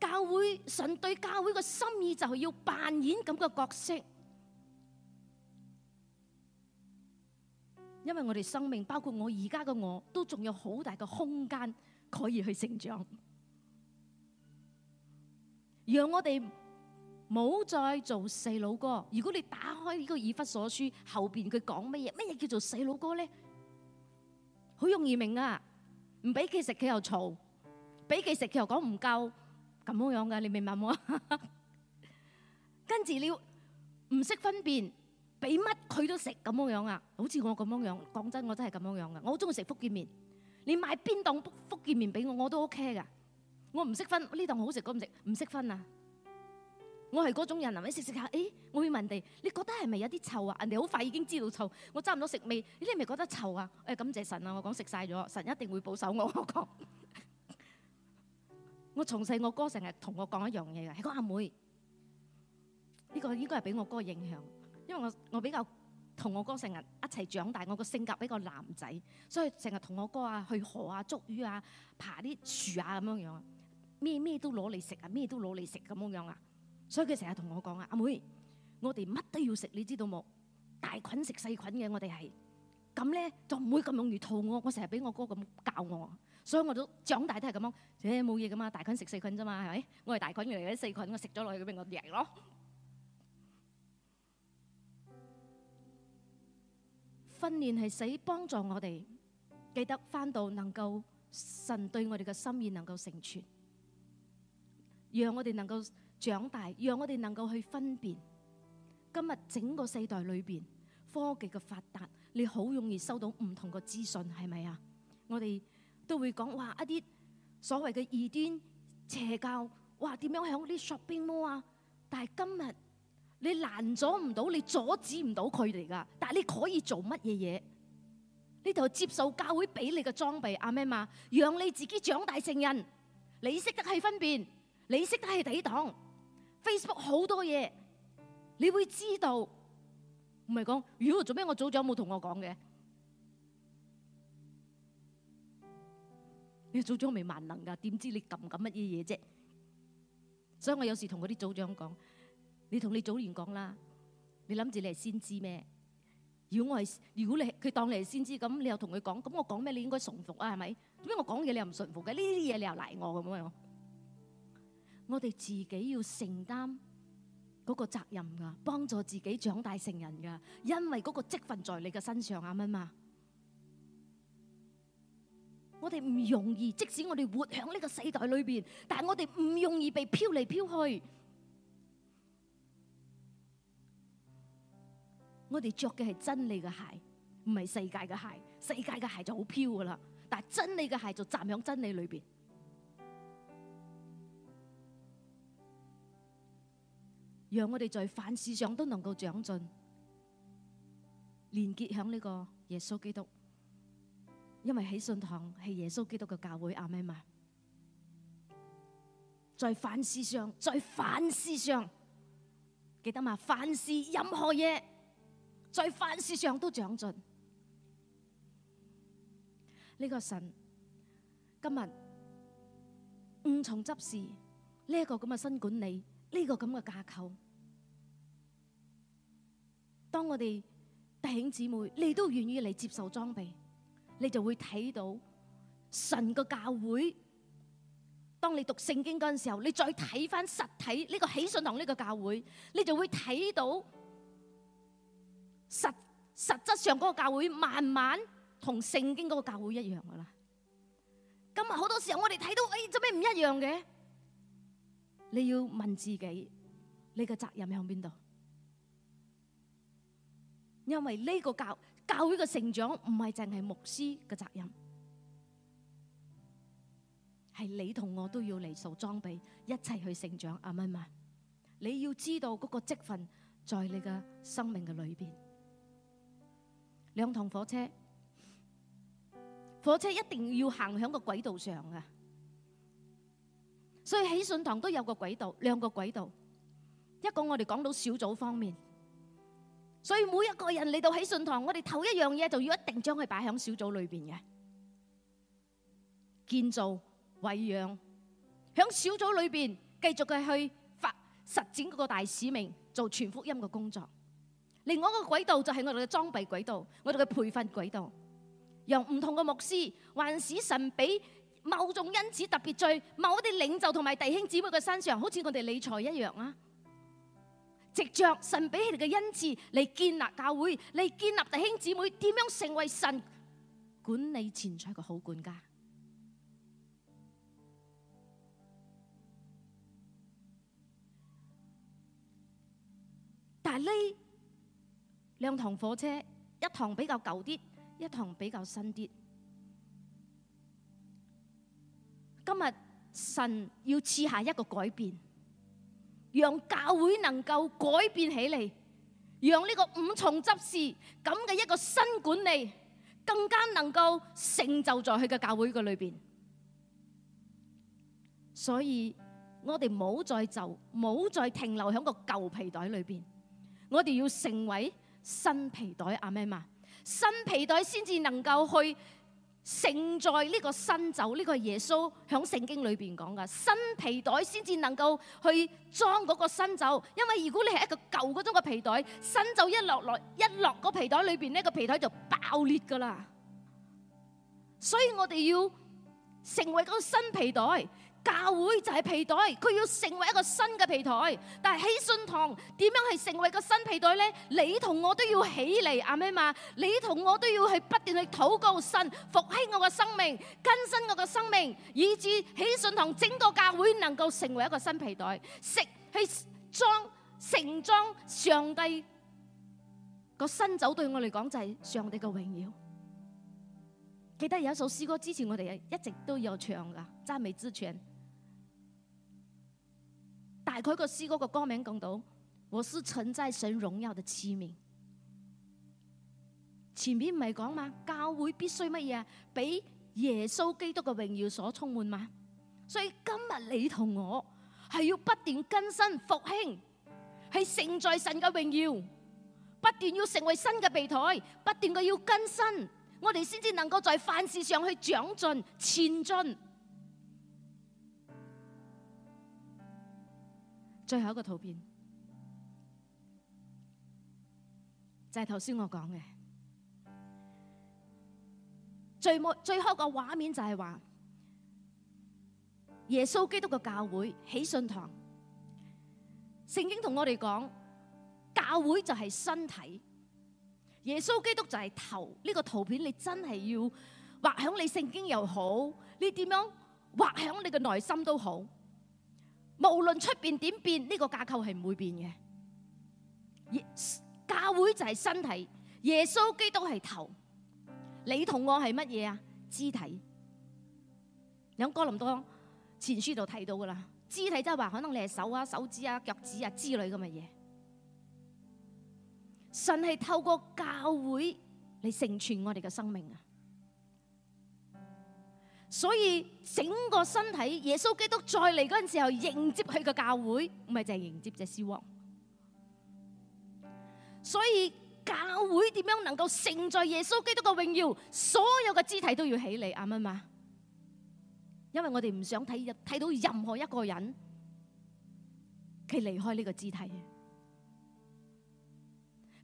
S1: 教會神對教會個心意就係要扮演咁個角色，因為我哋生命包括我而家嘅我都仲有好大嘅空間可以去成長。讓我哋冇再做細佬哥。如果你打開呢個以弗所書後邊佢講乜嘢？乜嘢叫做細佬哥咧？好容易明啊！唔俾佢食佢又嘈，俾佢食佢又講唔夠。咁樣樣嘅，你明白冇啊？跟住你唔識分辨，俾乜佢都食咁樣樣啊！好似我咁樣樣，講真，我真係咁樣樣嘅。我好中意食福建麵，你買邊檔福建麵俾我，我都 OK 㗎。我唔識分，呢檔好食，嗰唔食，唔識分啊！我係嗰種人啊！一食食下，誒，我會問你，你覺得係咪有啲臭啊？人哋好快已經知道臭，我爭唔到食味，你係咪覺得臭啊？誒，感謝神啊！我講食曬咗，神一定會保守我，我講。我從細我哥成日同我講一樣嘢嘅，係講阿妹，呢個應該係俾我哥影響，因為我我比較同我哥成日一齊長大，我個性格比較男仔，所以成日同我哥啊去河啊捉魚啊，爬啲樹啊咁樣樣，咩咩都攞嚟食啊，咩都攞嚟食咁樣樣啊，所以佢成日同我講啊，阿妹，我哋乜都要食，你知道冇？大菌食細菌嘅，我哋係，咁咧就唔會咁容易肚餓啊。我成日俾我哥咁教我。所以我都長大都係咁樣，誒冇嘢㗎嘛，大菌食細菌咋嘛，係咪？我係大菌嚟，嗰啲細菌我食咗落去俾我贏咯。訓練係使幫助我哋記得返到能夠神對我哋嘅心意能夠成全，讓我哋能夠長大，讓我哋能夠去分辨今日整個世代裏邊科技嘅發達，你好容易收到唔同嘅資訊，係咪啊？我哋。都會講話一啲所謂嘅異端邪教，哇，點樣喺啲 shopping mall 啊，但係今日你攔阻唔到，你阻止唔到佢哋噶，但係你可以做乜嘢嘢？你就接受教會俾你嘅裝備啊咩嘛，讓你自己長大成人。你識得去分辨，你識得去抵擋 Facebook 好多嘢，你會知道。唔係講如果做咩，我組長有冇同我講嘅？你組長未萬能噶點知你撳緊乜嘢嘢啫？所以我有時同我啲組長講，你同你組員講啦，你諗住你係先知咩？如果我係，如果你佢當你係先知，咁你又同佢講，咁我講咩你應該順服啊？係咪？點解我講嘢你又唔順服嘅？呢啲嘢你又賴我咁樣？我哋自己要承擔嗰個責任噶幫助自己長大成人噶因為嗰個積分在你嘅身上啊嘛。我哋唔容易，即使我哋活響呢個世代裏邊，但係我哋唔容易被飄嚟飄去。我哋着嘅係真理嘅鞋，唔係世界嘅鞋。世界嘅鞋就好飄噶啦，但係真理嘅鞋就站響真理裏邊，讓我哋在凡事上都能夠長進，連結響呢個耶穌基督。因為喜信堂係耶穌基督嘅教會，阿們嘛，在凡事上，在凡事上，記得嘛，凡事任何嘢，在凡事上都長進。呢個神今日五重執事呢一個咁嘅新管理，呢個咁嘅架構，當我哋弟兄姊妹，你都願意嚟接受裝備。你就會睇到神個教會。當你讀聖經嗰陣時候，你再睇返實體呢個喜信堂呢個教會，你就會睇到實實質上嗰個教會慢慢同聖經嗰個教會一樣㗎啦。今日好多時候我哋睇到，誒做咩唔一樣嘅？你要問自己，你嘅責任喺邊度？因為呢個教教會嘅成長唔係淨係牧師嘅責任，係你同我都要嚟受裝備，一齊去成長。阿 Minmin，你要知道嗰個積分在你嘅生命嘅裏邊。兩趟火車，火車一定要行響個軌道上嘅，所以喜信堂都有個軌道，兩個軌道，一個我哋講到小組方面。所以每一個人嚟到喺信堂，我哋頭一樣嘢就要一定將佢擺喺小組裏邊嘅建造、餵養，喺小組裏邊繼續佢去發實踐嗰個大使命，做全福音嘅工作。另外一個軌道就係我哋嘅裝備軌道，我哋嘅培訓軌道，讓唔同嘅牧師、還係神俾某種恩賜特別賜，某一啲領袖同埋弟兄姊妹嘅身上，好似我哋理財一樣啊。藉著神俾佢哋嘅恩賜嚟建立教會，嚟建立弟兄姊妹，點樣成為神管理錢財嘅好管家？但呢兩堂火車，一堂比較舊啲，一堂比較新啲。今日神要賜下一個改變。讓教會能夠改變起嚟，讓呢個五重執事咁嘅一個新管理，更加能夠成就在佢嘅教會嘅裏邊。所以我哋冇再就，冇再停留喺個舊皮袋裏邊，我哋要成為新皮袋阿咩嘛，新皮袋先至能夠去。盛在呢個新酒，呢個係耶穌響聖經裏邊講噶，新皮袋先至能夠去裝嗰個新酒，因為如果你係一個舊嗰種嘅皮袋，新酒一落來，一落嗰皮袋裏邊，呢個皮袋就爆裂噶啦。所以我哋要成為嗰個新皮袋。教會就係皮袋，佢要成為一個新嘅皮袋。但係喜信堂點樣去成為一個新皮袋呢？你同我都要起嚟啊嘛嘛，你同我都要去不斷去禱告神，復興我嘅生命，更新我嘅生命，以致喜信堂整個教會能夠成為一個新皮袋，食去裝盛裝上帝個新酒，對我嚟講就係上帝嘅榮耀。記得有一首詩歌，之前我哋一直都有唱噶，《讚美之泉》。大概個詩歌個歌名講到，我是存在神榮耀的器皿。前面唔係講嗎？教會必須乜嘢啊？俾耶穌基督嘅榮耀所充滿嘛。所以今日你同我係要不斷更新復興，係承載神嘅榮耀，不斷要成為新嘅皮袋，不斷嘅要更新，我哋先至能夠在凡事上去長進前進。最後一個圖片就係頭先我講嘅，最末最後一個畫面就係話耶穌基督嘅教會喜信堂，聖經同我哋講，教會就係身體，耶穌基督就係頭。呢個圖片你真係要畫響你聖經又好，你點樣畫響你嘅內心都好。無論出邊點變，呢個架構係唔會變嘅。教會就係身體，耶穌基督係頭。你同我係乜嘢啊？肢體。你喺哥林多前書度提到噶啦，肢體即係話可能你係手啊、手指啊、腳趾啊之類咁嘅嘢。神係透過教會嚟成全我哋嘅生命啊！所以整個身體，耶穌基督再嚟嗰陣時候，迎接佢個教會，唔係就係迎接隻獅王。所以教會點樣能夠承載耶穌基督嘅榮耀？所有嘅肢體都要起嚟，啱唔啱？因為我哋唔想睇睇到任何一個人佢離開呢個肢體。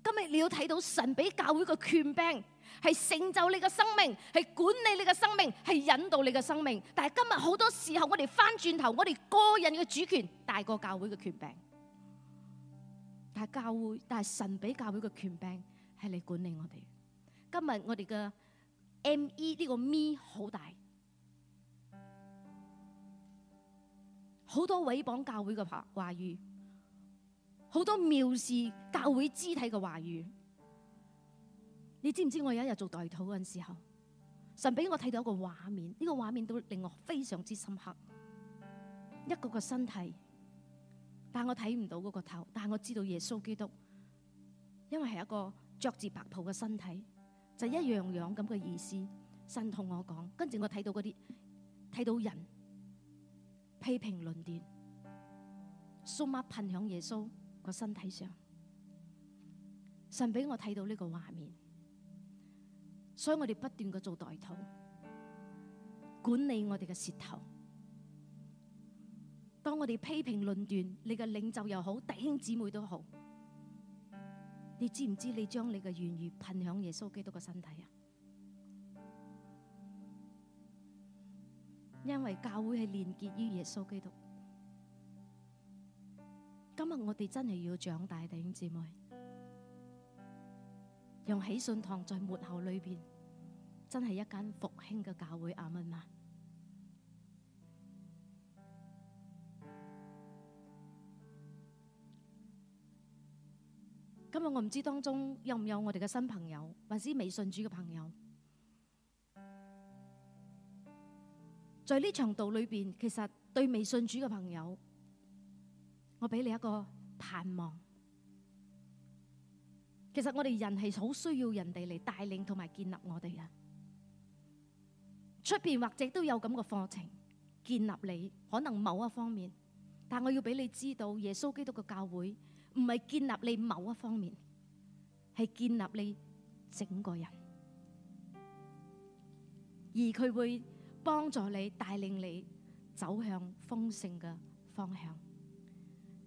S1: 今日你要睇到神俾教會個權柄。係成就你個生命，係管理你個生命，係引導你個生命。但係今日好多時候，我哋翻轉頭，我哋個人嘅主權大過教會嘅權柄。但係教會，但係神俾教會嘅權柄係嚟管理我哋。今日我哋嘅 ME 呢個 ME 好大，好多毀謗教會嘅話語，好多藐視教會肢體嘅話語。你知唔知？我有一日做代禱嗰陣時候，神俾我睇到一個畫面，呢、這個畫面都令我非常之深刻。一個個身體，但我睇唔到嗰個頭，但係我知道耶穌基督，因為係一個着住白袍嘅身體，就是、一樣樣咁嘅意思。神同我講，跟住我睇到嗰啲睇到人批評論斷，數碼噴響耶穌個身體上，神俾我睇到呢個畫面。所以我哋不斷嘅做代禱，管理我哋嘅舌頭。當我哋批評論斷，你嘅領袖又好，弟兄姊妹都好，你知唔知你將你嘅怨語噴向耶穌基督嘅身體啊？因為教會係連結於耶穌基督。今日我哋真係要長大，弟兄姊妹，用喜信堂在末後裏邊。真係一間復興嘅教會，阿們啊！今日我唔知當中有唔有我哋嘅新朋友，還是未信主嘅朋友？在呢場道裏邊，其實對未信主嘅朋友，我俾你一個盼望。其實我哋人係好需要人哋嚟帶領同埋建立我哋嘅。出邊或者都有咁個課程建立你可能某一方面，但我要俾你知道，耶穌基督嘅教會唔係建立你某一方面，係建立你整個人，而佢會幫助你帶領你走向豐盛嘅方向。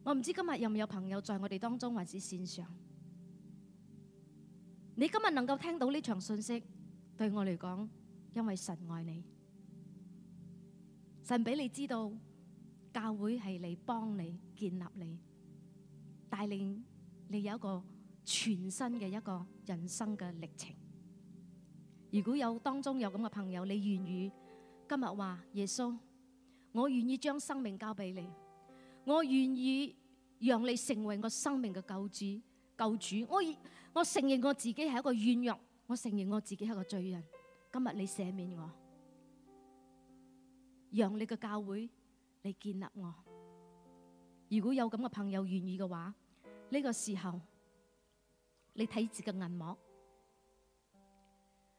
S1: 我唔知今日有唔有朋友在我哋當中，還是線上？你今日能夠聽到呢場信息，對我嚟講。因為神愛你，神俾你知道教會係你，幫你建立你，帶領你有一個全新嘅一個人生嘅歷程。如果有當中有咁嘅朋友，你願意今日話耶穌，我願意將生命交俾你，我願意讓你成為我生命嘅救主。救主，我我承認我自己係一個軟弱，我承認我自己係個罪人。今日你赦免我，讓你嘅教會嚟建立我。如果有咁嘅朋友願意嘅話，呢個時候你睇住個銀幕，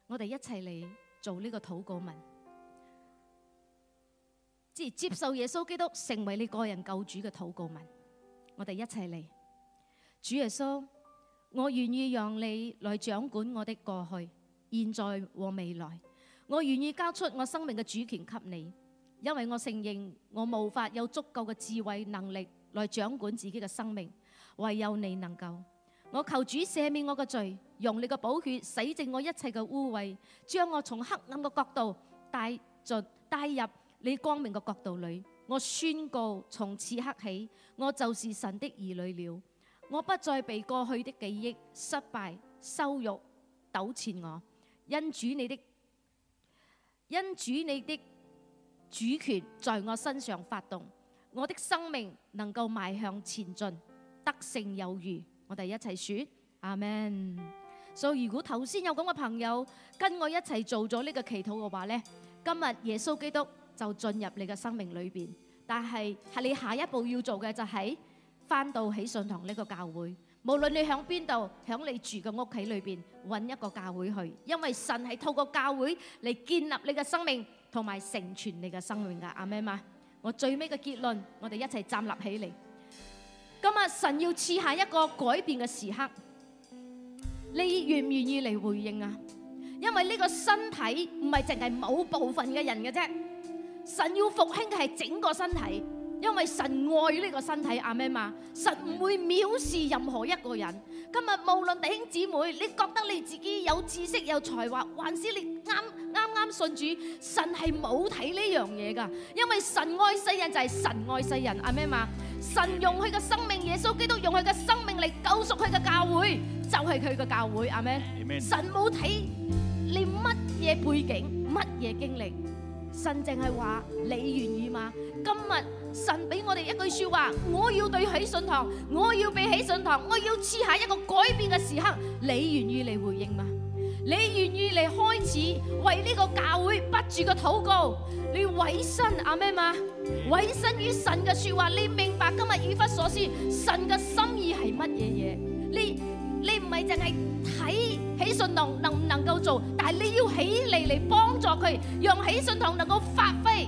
S1: 我哋一齊嚟做呢個禱告文，即係接受耶穌基督成為你個人救主嘅禱告文。我哋一齊嚟，主耶穌，我願意讓你來掌管我的過去，現在和未來，我願意交出我生命嘅主權給你，因為我承認我無法有足夠嘅智慧能力來掌管自己嘅生命，唯有你能夠。我求主赦免我嘅罪，用你嘅寶血洗淨我一切嘅污穢，將我從黑暗嘅角度帶進帶入你光明嘅角度裏。我宣告，從此刻起，我就是神的兒女了。我不再被過去嘅記憶、失敗、羞辱、糾纏我。因主你的，因主你的主權在我身上發動，我的生命能夠邁向前進，得勝有餘。我哋一齊說阿門。所以如果頭先有咁嘅朋友跟我一齊做咗呢個祈禱嘅話咧，今日耶穌基督就進入你嘅生命裏邊。但係，係你下一步要做嘅就係翻到喜信堂呢個教會。無論你喺邊度，響你住嘅屋企裏邊，揾一個教會去。因為神係透過教會嚟建立你嘅生命，同埋成全你嘅生命噶。阿們嗎，我最尾嘅結論，我哋一齊站立起嚟。今日神要賜下一個改變嘅時刻，你願唔願意嚟回應啊？因為呢個身體唔係淨係某部分嘅人嘅啫，神要復興嘅係整個身體。因為神愛呢個身體啊咩嘛，神唔會藐視任何一個人。今日無論弟兄姊妹，你覺得你自己有知識，有才華，還是你啱啱啱信主，神係冇睇呢樣嘢噶。因為神愛世人就係神愛世人啊咩嘛，神用佢嘅生命耶穌基督用佢嘅生命嚟救贖佢嘅教會，就係佢嘅教會啊咩？神冇睇你乜嘢背景乜嘢經歷，神淨係話你願意嘛？今日。神俾我哋一句說話，我要對喜信堂，我要俾喜信堂，我要賜下一個改變嘅時刻。你願意嚟回應嗎？你願意嚟開始為呢個教會不住嘅禱告？你委身阿咩嘛、啊？委身於神嘅說話。你明白今日以弗所書，神嘅心意係乜嘢嘢？你你唔係淨係睇喜信堂能唔能夠做，但係你要起嚟嚟幫助佢，讓喜信堂能夠發揮。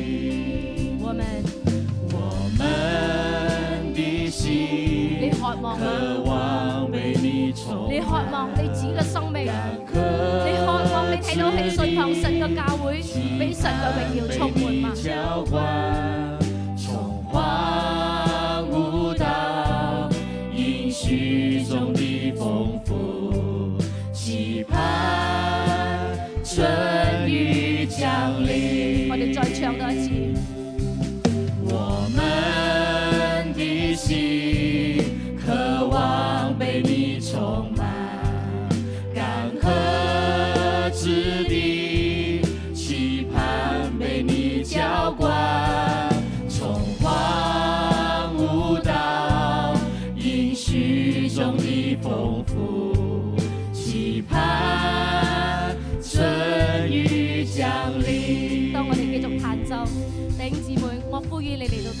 S1: 你渴望你自己嘅生命，你，你渴望你睇到起信奉神嘅教會，俾神嘅榮耀充滿嗎？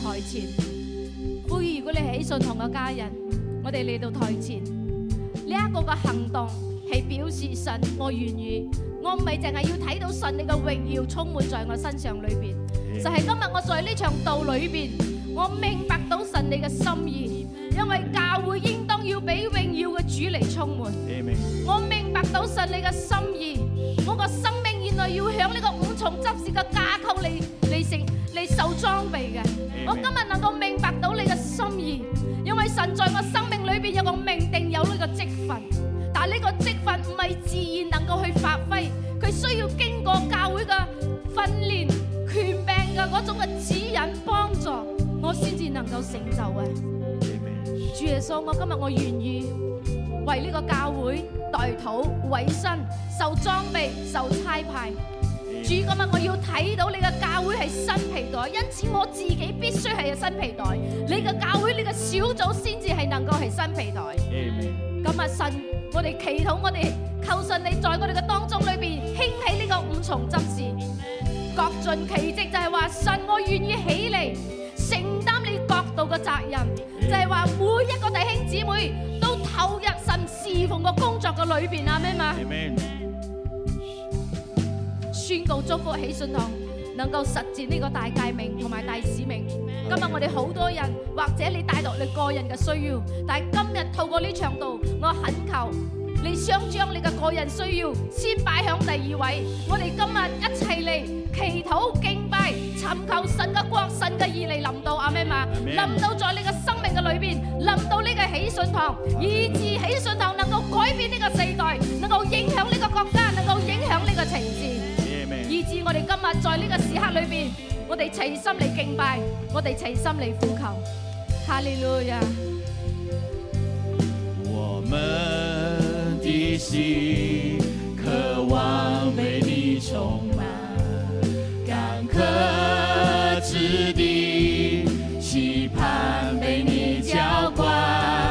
S1: 台前，不如如果你喺信堂嘅家人，我哋嚟到台前，呢、這、一個嘅行動係表示神。我願意，我唔係淨係要睇到神你嘅榮耀充滿在我身上裏邊，就係、嗯、今日我在呢場道裏邊，我明白到神你嘅心意，因為教會應當要俾榮耀嘅主嚟充滿。嗯、我明白到神你嘅心意，我個生命原來要響呢個五重執事嘅架構裏。你受裝備嘅，我今日能夠明白到你嘅心意，因為神在我生命裏邊有個命定，有呢個職份，但係呢個職份唔係自然能夠去發揮，佢需要經過教會嘅訓練、權柄嘅嗰種嘅指引幫助，我先至能夠成就嘅。主耶穌，我今日我願意為呢個教會代禱、委身、受裝備受差派。主今日我要睇到你嘅教會係新皮袋，因此我自己必須係新皮袋。你嘅教會、你嘅小組先至係能夠係新皮袋。咁啊 Amen.、嗯，神，我哋祈禱，我哋求神你，在我哋嘅當中裏邊興起呢個五重執事，Amen. 各盡其職就，就係話神，我願意起嚟承擔你角度嘅責任，Amen. 就係話每一個弟兄姊妹都投入神侍奉嘅工作嘅裏邊啊咩嘛。Amen. 宣告祝福喜信堂能夠實踐呢個大誡命同埋大使命。今日我哋好多人，或者你帶落你個人嘅需要，但係今日透過呢場道，我懇求你，想將你嘅個人需要先擺響第二位。我哋今日一齊嚟祈禱敬拜，尋求神嘅國，神嘅義嚟臨到啊！咩嘛？臨到在你嘅生命嘅裏邊，臨到呢個喜信堂，以致喜信堂能夠改變呢個世代，能夠影響呢個國家，能夠影響呢個城市。至我哋今日在呢個時刻裏邊，我哋齊心嚟敬拜，我哋齊心嚟呼求。哈利路亞。
S2: 我們的心，渴望被你充滿，坎坷之地，期盼被你澆灌。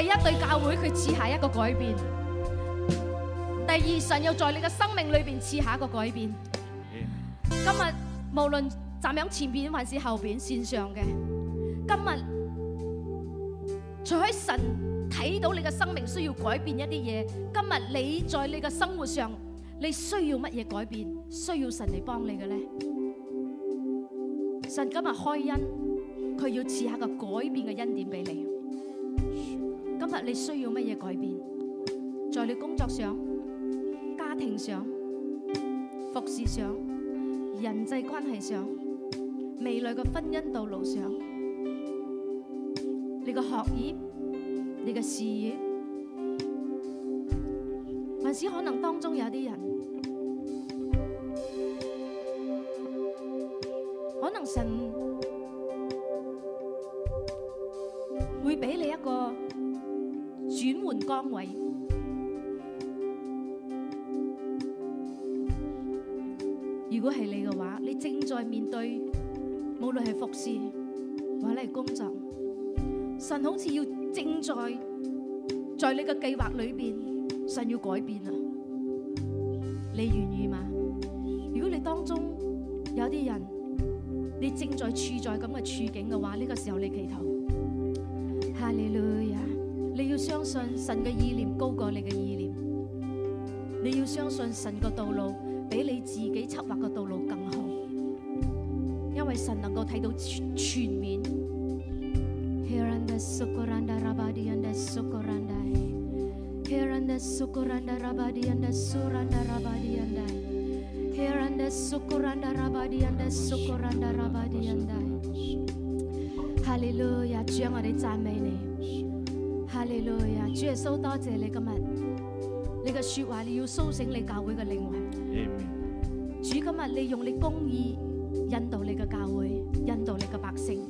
S1: 第一對教會，佢賜下一個改變；第二，神要在你嘅生命裏邊賜下一個改變。今日無論站喺前邊還是後邊線上嘅，今日除喺神睇到你嘅生命需要改變一啲嘢，今日你在你嘅生活上，你需要乜嘢改變？需要神嚟幫你嘅咧？神今日開恩，佢要賜下個改變嘅恩典俾你。你需要乜嘢改變？在你工作上、家庭上、服侍上、人際關係上、未來嘅婚姻道路上，你嘅學業、你嘅事業，甚至可能當中有啲人，可能神會俾你一個轉換崗位，如果係你嘅話，你正在面對，無論係服侍或者係工作，神好似要正在在你嘅計劃裏邊，神要改變啊！你願意嗎？如果你當中有啲人，你正在處在咁嘅處境嘅話，呢個時候你祈禱，哈利路亞。你要相信神嘅意念高過你嘅意念，你要相信神個道路比你自己策劃嘅道路更好，因為神能夠睇到全，全面。哈利路亞，主啊，我哋讚美你。阿利女啊，主耶穌，多謝你今日，你嘅說話，你要甦醒你教會嘅靈魂。阿門。主今日你用你公義引導你嘅教會，引導你嘅百姓，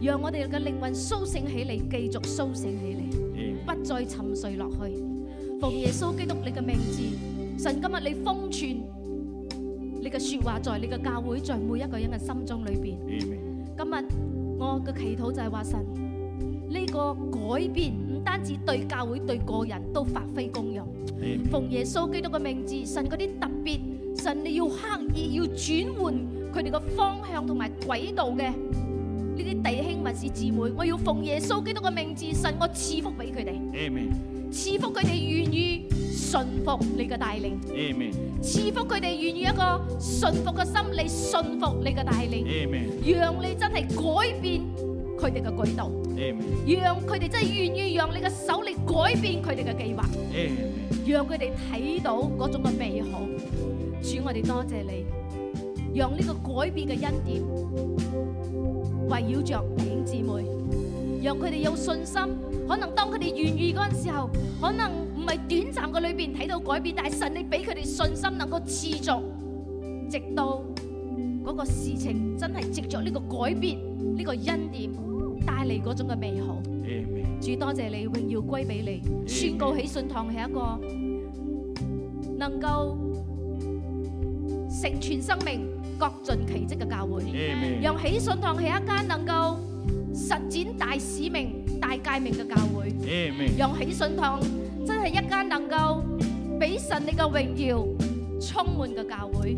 S1: 讓我哋嘅靈魂甦醒起嚟，繼續甦醒起嚟，不再沉睡落去。奉耶穌基督你嘅名字，神今日你封存你嘅說話在你嘅教會，在每一個人嘅心中裏邊。阿門。今日我嘅祈禱就係話，神呢個改變。單止對教會、對個人都發揮功用，奉耶穌基督嘅名字，神嗰啲特別，神你要刻意要轉換佢哋個方向同埋軌道嘅呢啲弟兄、或是姊妹，我要奉耶穌基督嘅名字，神我賜福俾佢哋，amen，賜福佢哋願意順服你嘅帶領，amen，賜福佢哋願意一個順服嘅心理，順服你嘅帶領，amen，讓你真係改變。佢哋嘅舉
S2: 動，
S1: 讓佢哋真係願意讓你嘅手嚟改變佢哋嘅計劃，讓佢哋睇到嗰種嘅美好。主，我哋多謝你，讓呢個改變嘅恩典圍繞著弟兄姊妹，讓佢哋有信心。可能當佢哋願意嗰陣時候，可能唔係短暫嘅裏邊睇到改變，但係神你俾佢哋信心，能夠持續直到。嗰個事情真係藉着呢個改變，呢個恩典帶嚟嗰種嘅美好。主多謝你，榮耀歸俾你。宣告喜信堂係一個能夠成全生命、各盡其職嘅教會。讓喜信堂係一間能夠實踐大使命、大誡命嘅教會。讓喜信堂真係一間能夠俾神你嘅榮耀充滿嘅教會。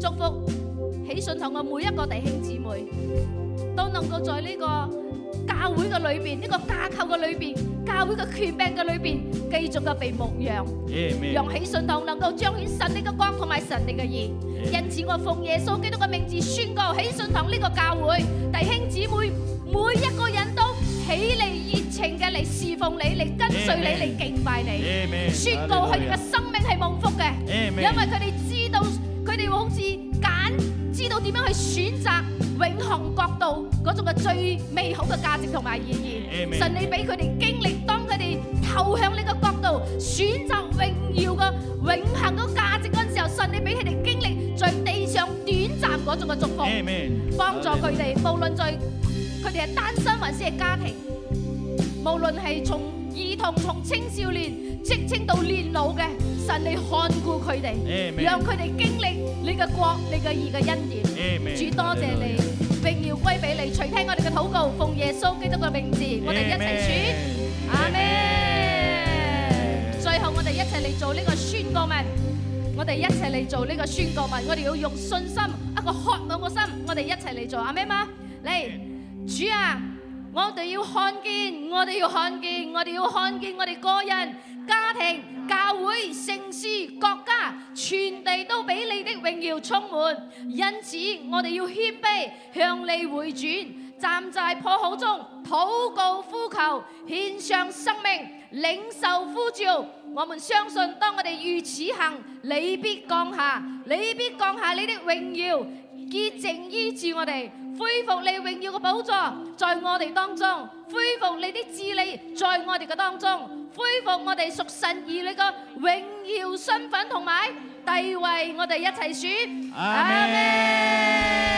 S1: 祝福喜信堂嘅每一個弟兄姊妹，都能夠在呢個教會嘅裏邊，呢個架構嘅裏邊，教會嘅權柄嘅裏邊，繼續嘅被牧養，讓喜信堂能夠彰顯神力嘅光同埋神力嘅熱，因此我奉耶穌基督嘅名字宣告：喜信堂呢個教會弟兄姊妹每一個人都起嚟熱情嘅嚟侍奉你，嚟跟隨你，嚟敬拜你，宣告佢哋嘅生命係蒙福嘅，因為佢哋知道。佢哋會好似揀知道點樣去選擇永恆國度嗰種嘅最美好嘅價值同埋意義。神你俾佢哋經歷，當佢哋投向呢個國度選擇榮耀嘅永恆嘅價值嗰陣時候，神你俾佢哋經歷在地上短暫嗰種嘅祝福，
S2: 幫助佢哋
S1: 無論在佢哋係單身還是係家庭，無論係從兒童從青少年職稱到年老嘅。神，你看顧佢哋，Amen. 讓佢哋經歷你嘅國、你嘅義嘅恩典。Amen. 主多謝你，榮耀歸俾你。垂聽我哋嘅禱告，奉耶穌基督嘅名字，我哋一齊宣。阿門。最後我哋一齊嚟做呢個宣告文，我哋一齊嚟做呢個宣告文。我哋要用信心，一個渴望嘅心，我哋一齊嚟做。阿門嗎？嚟，Amen. 主啊，我哋要看見，我哋要看見，我哋要看見，我哋個人家庭。教會、城市、國家、全地都俾你的榮耀充滿，因此我哋要謙卑向你回轉，站在破口中禱告呼求，獻上生命領受呼召。我們相信，當我哋如此行，你必降下，你必降下你的榮耀，潔淨醫治我哋，恢復你榮耀嘅寶座在我哋當中，恢復你的治理在我哋嘅當中。恢復我哋屬神兒女個榮耀身份同埋地位，我們，我哋一齊選，阿
S2: 們。